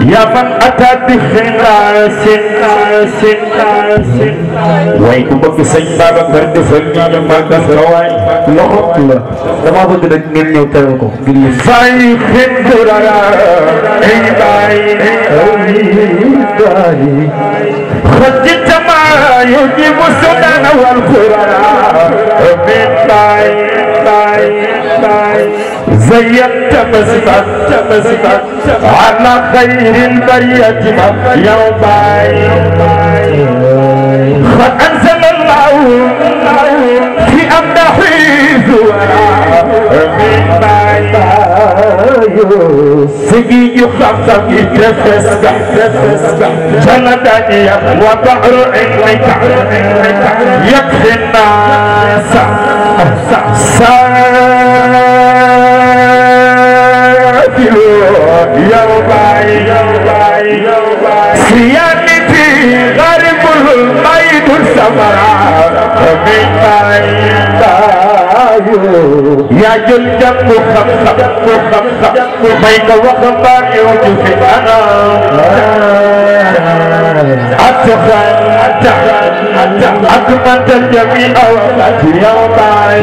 يا من أتى بخلاص خلاص خلاص ويكو بك سيد بابا كرد فلني لما دفرواي لحق لا لما بدي لك مين يوتركو فاي خندرا اي باي اي باي وجدت ما يجيب السنن والقرآن من طيب طيب طيب زينت مسجد مسجد على خير البرية يوم فأنزل الله في أمدحي زورا من بعد النبي خفف تفسك جلدني وبحر علمك يكفي الناس سافر يربعي سياني في غرب الميت السمراء من بعيد yaa jël jàpp xam-xam xam-xam may ko wax mbaa yow ju fi anam ataxa ataxa ak mantal jami aw ak yow baay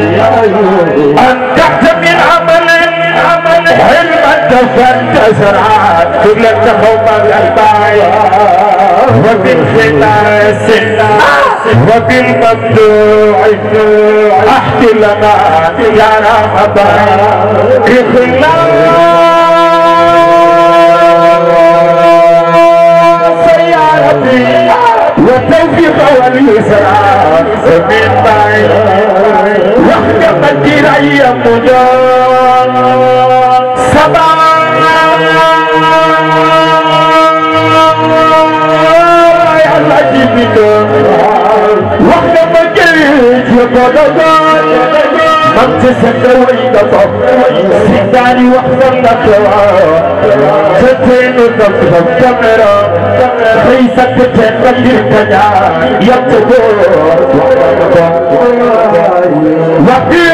an taxta min amalin amalin علما تزرع كل تقوم البايع وبالخلاص الله وبالممدوح أحكي لنا يا رمضان إخلاص يا ربي وتوفيق واليسرى من معي وحدة مدير أيام مجال سبعة يا الله جيبك waxta ma jëlee yëpp a dogoon man ci seen way dafa si daani waxta nga teewoo te teenu daf daf caméra xëy sa te teen ba ngir kañaa yàq boo waxta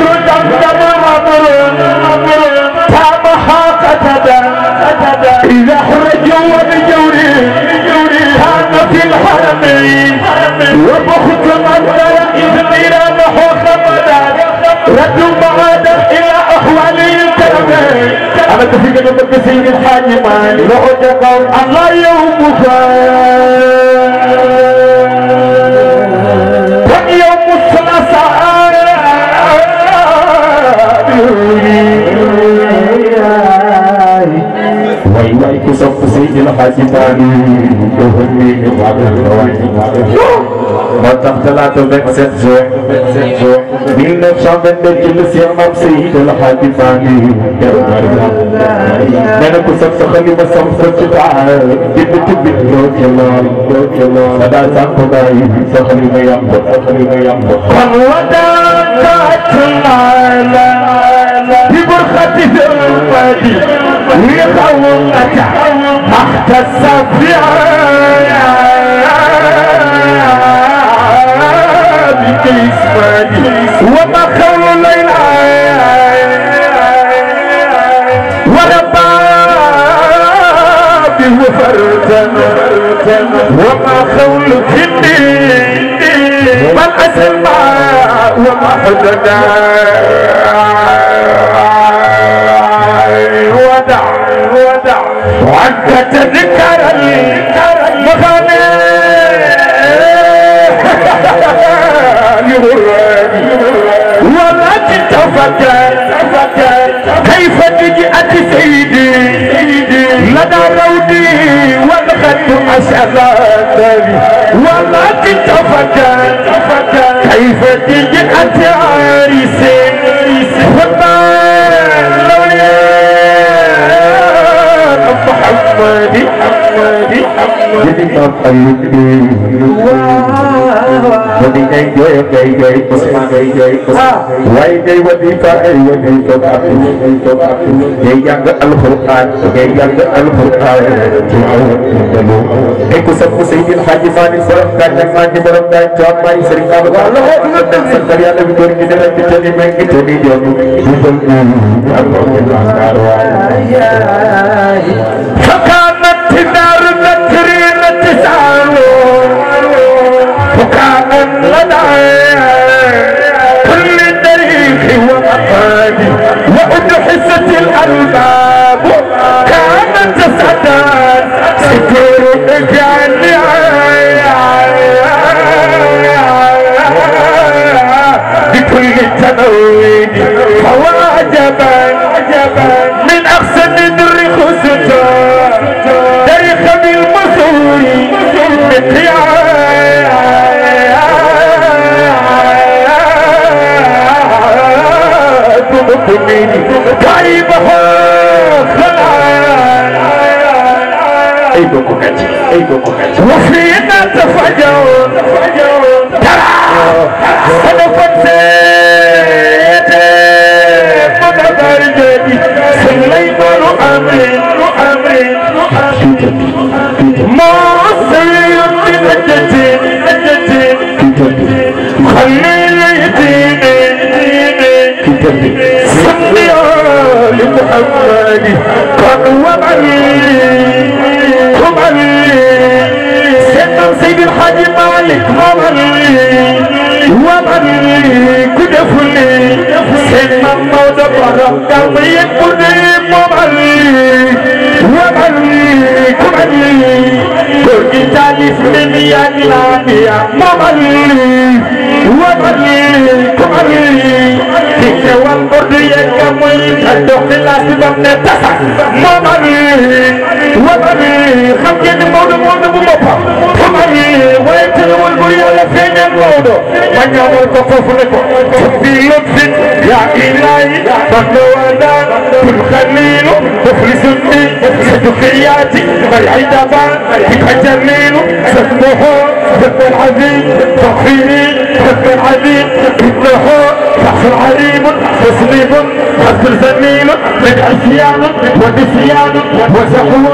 ci loxo ci taal yi joxul nii ñu waa gën la wàññi moo tax talaata 27 juin 27 juin 1922 ci lu Cheikh Mame Seydi loxo ci taal yi nee na ku sab sa xalima sam sa ci taal bind tibbit doo ci lool doo ci lool sa daa sàmp bàyyi sa xalima yàmb sa xalima yàmb kon وداك العالى ببرخة المادي ويقوم أتعوى احتسب فيها باسمه وما خير الليل ولبى وفرتا وما خول كني بل اسمع وما حدنا وأنت تذكر المخانة ولا تتفكر كيف تجأت سيدي لدى رودي والخط أسألاتني ولا تتفكر كيف تجأت عريسي jadi bapak ini jadi gay gay gay gay gay gay why gay wadifa ay wadifa aku gay yang al-Quran gay yang al-Quran aku sabku sayyid haji fani sarap kandang haji sarap dan jawab mai sering kamu Allah dan sekali ada video ini dan jadi main jadi dia bukan aku aku aku الألباب وأد حصة الألباب dokokaci ai dokokaci wafina tafajawo tafajawo tara sadakwate madabar jadi sallai maru amin ru amin ru amin masirin min ajati ajati خليل يديني يديني سمي لمحمد قد وضعني man lii wa man lii ku defu lii seen maam a borom gàmm yëpp nii moo man lii wa man lii ku man mi yàgg laa mi moo man ku man ki teewal ordu yeeg gàmm yi ta moo man lii wa man lii xam ngeen ni bu boppam ku man Maodo ma ñaanal ko foofu ne ko biirut fit yaa ilaahi bando wada kun xalilu muflisun bi saduqiyaati bal idaba bika jalilu sabbuhu sabbu alazim tawxini sabbu alazim ibnahu شخص عليم تسليم حسب زميل من عصيان ونسيان وزهو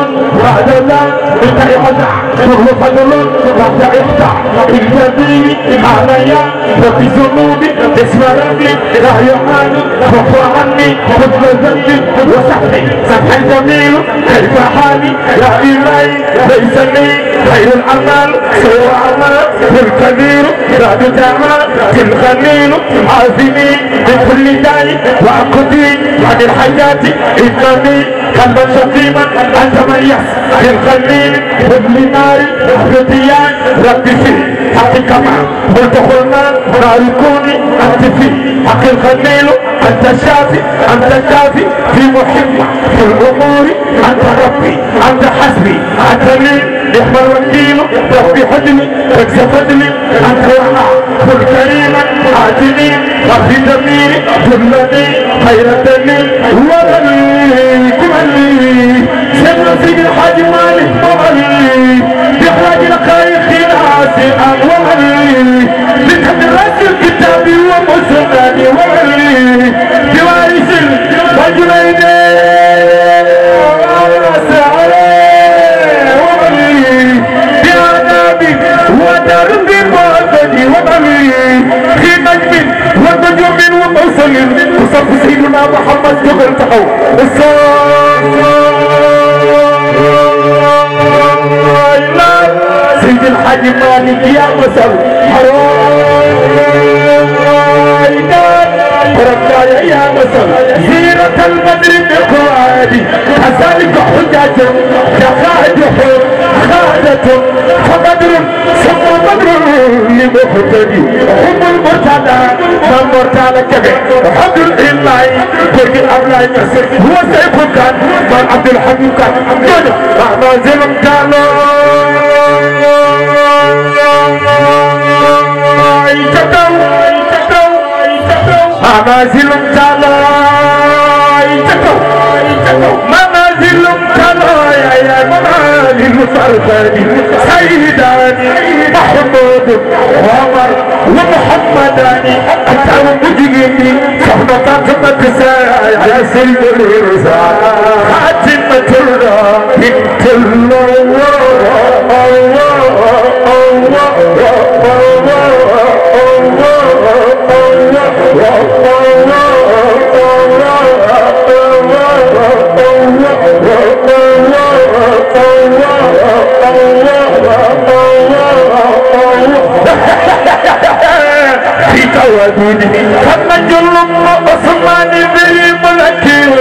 وعدنا انت افتح شغل فضل وانت افتح الجميل العنايا وفي ذنوبي اسم ربي لا يعان كف عني كل ذنبي وسحبي سمح جميل كيف حالي يا الهي ليس لي خير الاعمال سوى عمل الكبير بعد جمال الخليل عازمي بكل الجمال وأقضي عن الحياة إنني قلبا شتيما أنت من يحس في الخليل ابن نار أفرديان ربي فيه حقك ما مدخلنا نار كوني أنت فيه حق الخليل أنت الشافي أنت الدافي في محبة في الأمور أنت ربي أنت حسبي أنت لي يحفظ الدين يحفظ بحجمي تكسى فضلي أنت وأنا كن كريما أعطني وفي ضميري جملتي خير الدليل وغني كملي سر سيد الحاج مالك وغني بإخراج الخير خير عاصي وغني ودار في مرتدي وطني في نجم وتجوم وموصل وصف سيدنا محمد جبل تقو سيد الحاج مالك يا مسل حرايدان يا مسل زيرة المدرب القوادي أسالك حجاجة يا خالد حور شهادة فبدر ثم بدر لمهتدي حب المرتدى فالمرتدى كبير حمد لله برج الله يسر هو سيف كان من عبد الحميد كان دون مهما زلم كانوا مهما زلم كانوا الفردي سيداني محمود عمر ومحمداني أتعلم مجيبي صحبتك متسايا يا سيد الرسالة ودود فما جلم عثمان بريم الأكيل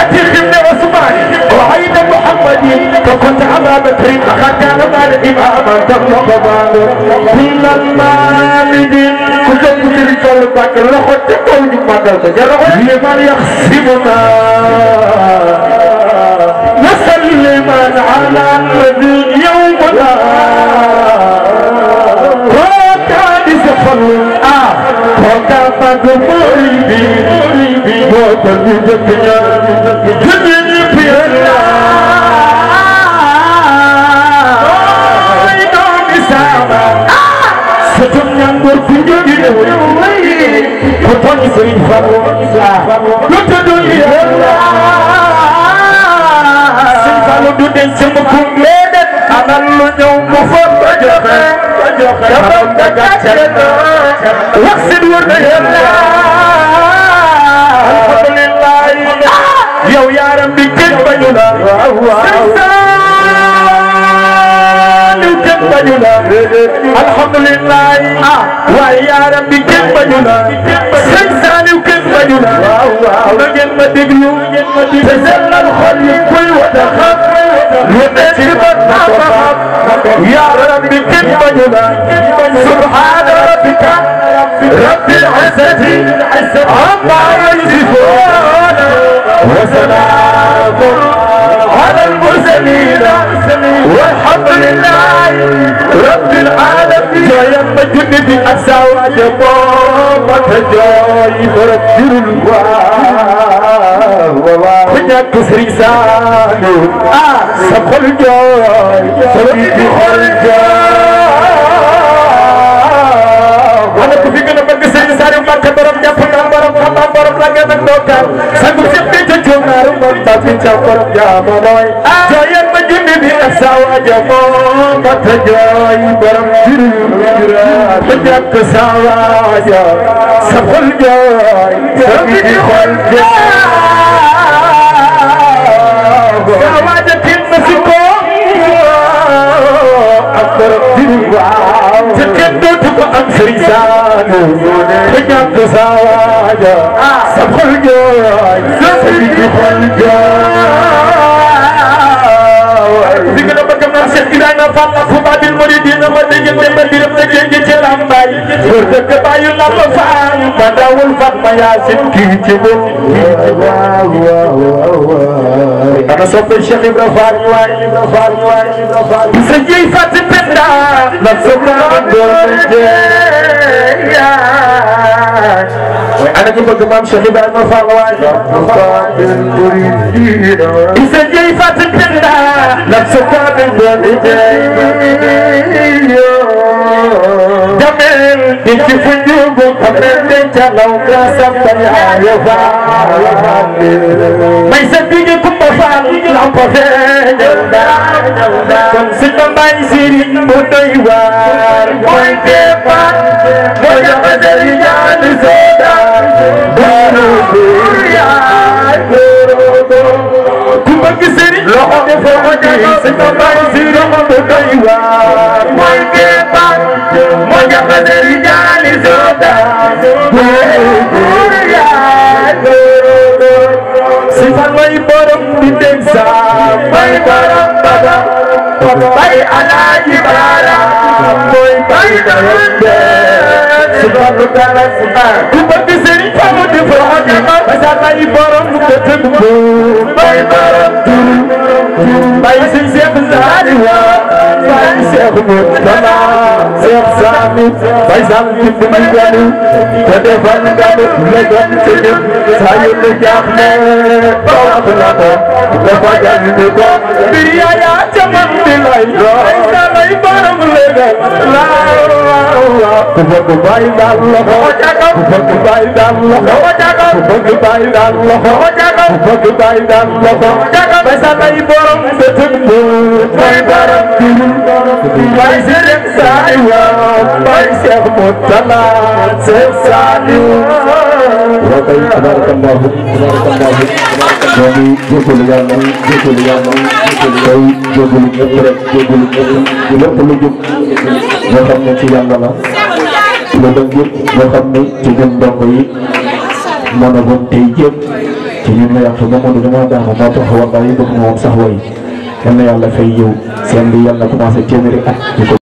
أتي ابن عثمان وعين محمد فكنت أبا بكر أخذت أبا الإمام تغلق بابا كل المامد كل مدرك البكر لقد تقول مدى تجرب لمن يخصمنا نسلم على xaram da gàcceel wax si wër na yàlla alhamdulilah yow yaaram bi kenn bañu la sëñ kenn bañu la alhamdulilah ah waaye yaaram bi kenn bañu la sëñ Saliou kenn bañu la na ngeen ma déglu te sellal xol yi xam lu nekk xam سبحان ربك رب العزة عما يصفون وسلام على المرسلين والحمد لله رب العالمين يا مجد بأساوى جمال متجاي فرد الوعد ku ñàkk sëriñ Saalu ah sa xol jooy sa biir bi xol jooy ana ku fi gën a bëgg sëriñ Saalu Mbàkke borom jàpp naa borom xam naa borom la ngeen ak dookal sangu fi bi ca jom naaru moom tàbbi ca borom jaama mooy ah. jooyal ma junni bi ak saaw aja moom ba ta jooy borom jiri ku ñàkk saaw aja sa xol jooy sa biir bi xol jooy jooy sa xol jooy sa digg xol jooy di gën a bëgg naa Cheikh Ibrahima Fall la fubabil muridina ma dégg te ma biram te géej ci rambaay pour dëkk bàyyu la ma faal ma dawul fat ma yaasin kii ci moom waaw waaw waaw ana soppe Cheikh Ibra Fall ñu waay Ibra Fall ñu waay Ibra Fall ñu sa jëy fàtte penda na soppe na doon jëy ana ki bëgg maam Cheikh Ibrahima Fall waay di sa jëy fàtte penda na soppe na doon jëy جميل انت في جيبك فمن انت لو كسبت ما يصدقك مفعل لعب فين كن ست ما يصير مدوار موي ديبا موي مزل يان زودا كم بك سيري لو حد فوق دي ست ما يصير مدوار Bye, Alhaji Bara. Boy, bye, the Subhanaka la subhan bu bëgg sëriñ fa mu di fo ak ma sa bay borom lu ko tëgg bu bay borom turu bay sëñ Cheikh Zahari wa bay Cheikh Moutala Cheikh Sami bay sam ci bu may gani te defal nga lu la gën ci ñëpp saa yu la jaaxle bopp la ko dafa jàng ni ko bir yaa yaa ca man di lay loo bay borom la gën laa waaw waaw ku bëgg bay daan loxo ku bëgg bàyyi daan loxo ku bëgg bàyyi daan loxo ku bëgg bàyyi daan loxo ba sa lay borom sa tëb mooy borom dirim bay si rek saay waaw bay seex mu talaat seex saaliw waaw kay tabarakallahu tabarakallahu doomi jégalu yàlla jégalu yàlla kay jégalu ñëpp rek jégalu ñëpp lépp lu jub loo xam ne ci yàlla la la lëngir nga xam ne ci ñun ndongo yi moo na bon tey jéem ci ñun la yàq ba mu ne damaa daanu moo tax wallaahi bëgg na woon sax way yal na yàlla fay yow seen bi yàlla commencé téeméeri